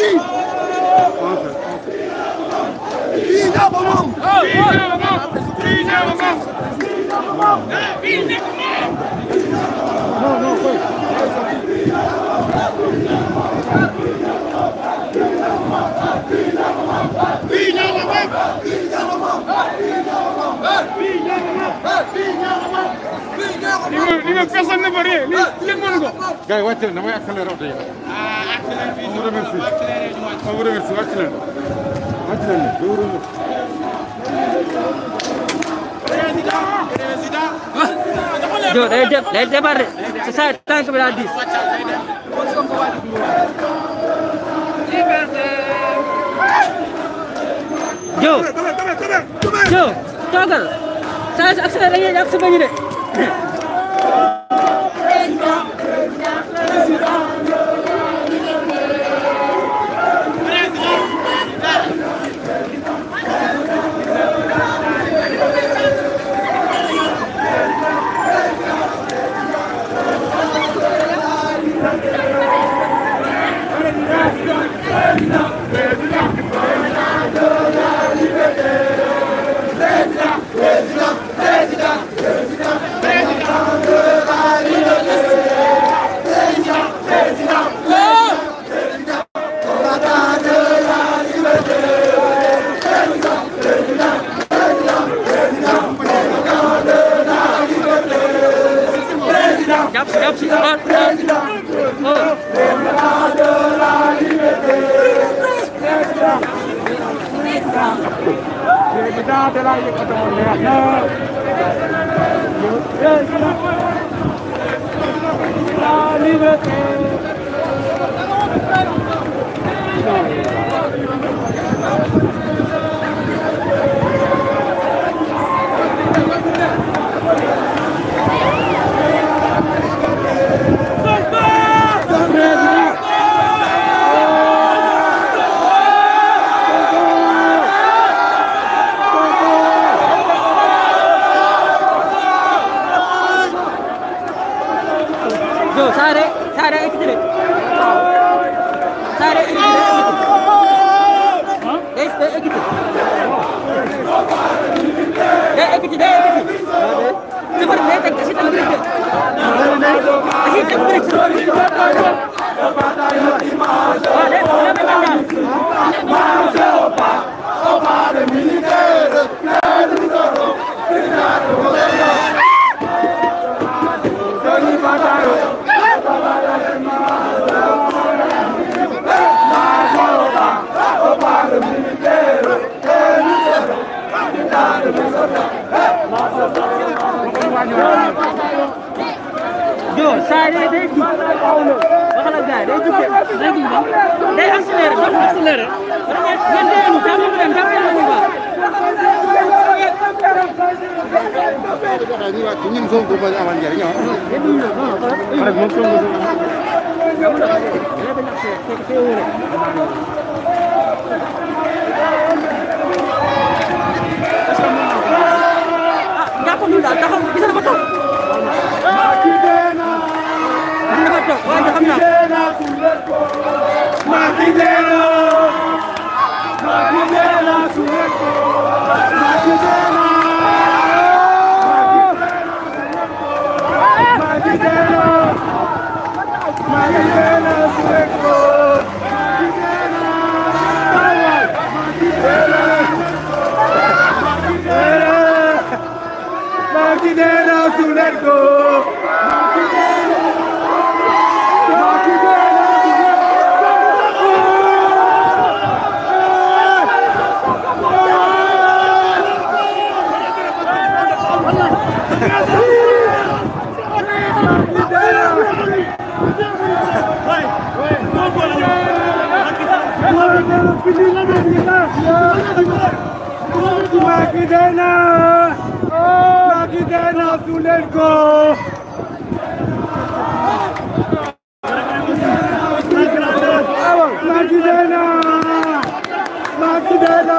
kii kii ñoo ko moom. kii ñoo ko moom. kii ñoo ko moom. non non koy. kii ñoo ko moom. kii ñoo ko moom. lii moom personne ne peut rien lii kenn mënu ko. gars yi wàcc leen damay accéléré oto yi. ah accéléré fii moom remercie moom remercie wàcc leen wàcc leen de yow remercie. jo day dem day départ de c'est ça tànk bi daa diis. jo jo toogal saa accéléré ak sa bañ de. liberté Yo, Sare, Sare ekitire. Sare ekitire. Ha? ¿Ah? Este ekitire. De ekitire, de ekitire. Sıfır ne tek taşı tanıdık. Taşı tanıdık. Taşı tanıdık. joo saa day day jug aw na waxal ak gars yi day jug day jug day accéléré dox accéléré vraiment ngeen déglu jàppale leen jàppale leen bu baax. ñun Sonko mooy amal njëriñ ah. rek moom Sonko. rek nag c'est c'est wóore. bi nee na su leen ko Makidenna! Oh! Medina su leen ko Medina Medina su leen ko Medina Medina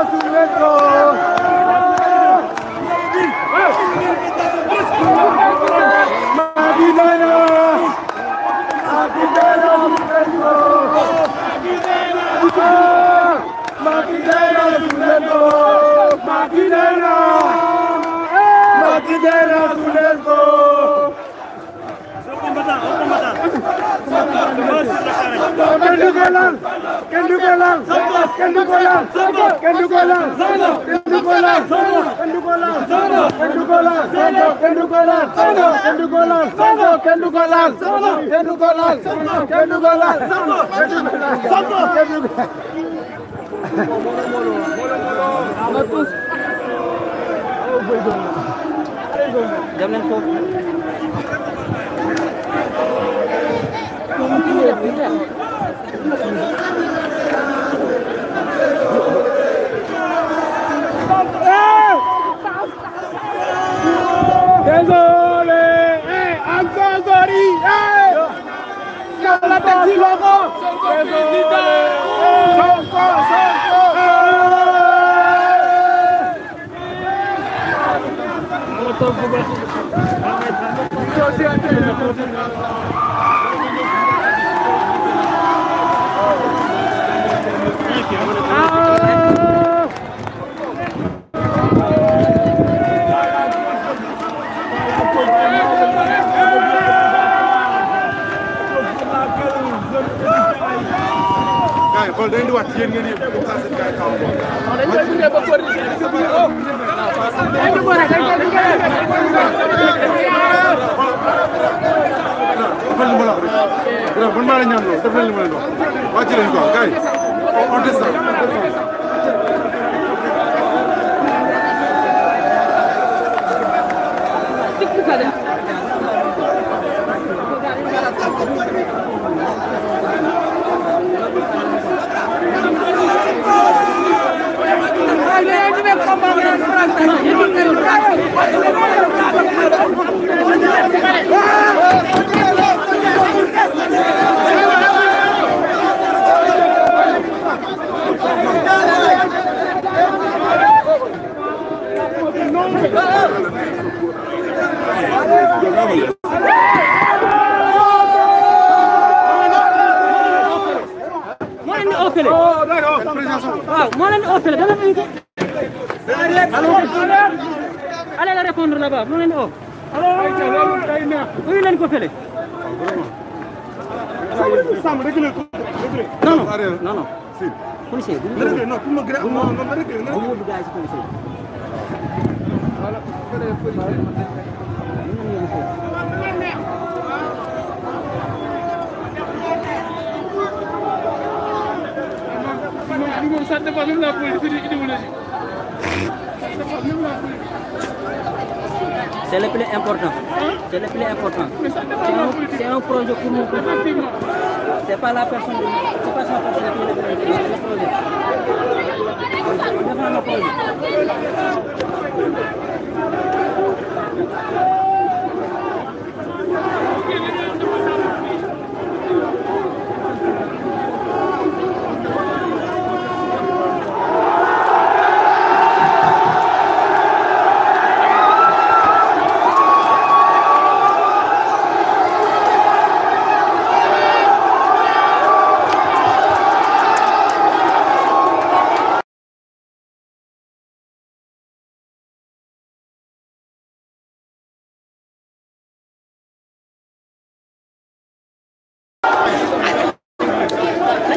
su leen ko Medina liggéey naa su leen ko. kenn du ko laal kenn du ko laal kenn du ko laal kenn du ko laal kenn du ko laal kenn du ko laal kenn du ko laal kenn du ko laal kenn du ko laal kenn du ko laal kenn du ko laal kenn du ko laal kenn du ko laal dem leen foofu désolé eh ak Zazori eh yàlla teg ci loxo gars yi xool dañ di wax ci yéen ngeen yëpp comme ça seen gars yi xaw ma. dañ koy gunge ba coordonné si biir biir oh. dañ ko boole dañ koy gunge. xoolal ma la wax rek. man maa la ñaan lool def leen li ma leen wax. waa ci leen quoi gars yi on descend. contre Rabat lu leen oo oh. uyu leen ko fële non non non policier bu mu dugg daay si policier moom ça dépend même la police idéologique C'est le plus important. C'est le plus important. C'est un, un, projet pour nous. C'est pas la personne, c'est pas son projet, c'est le projet. On défend le projet.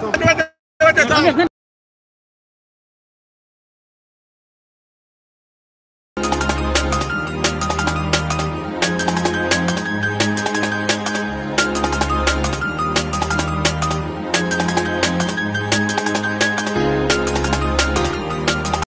Son...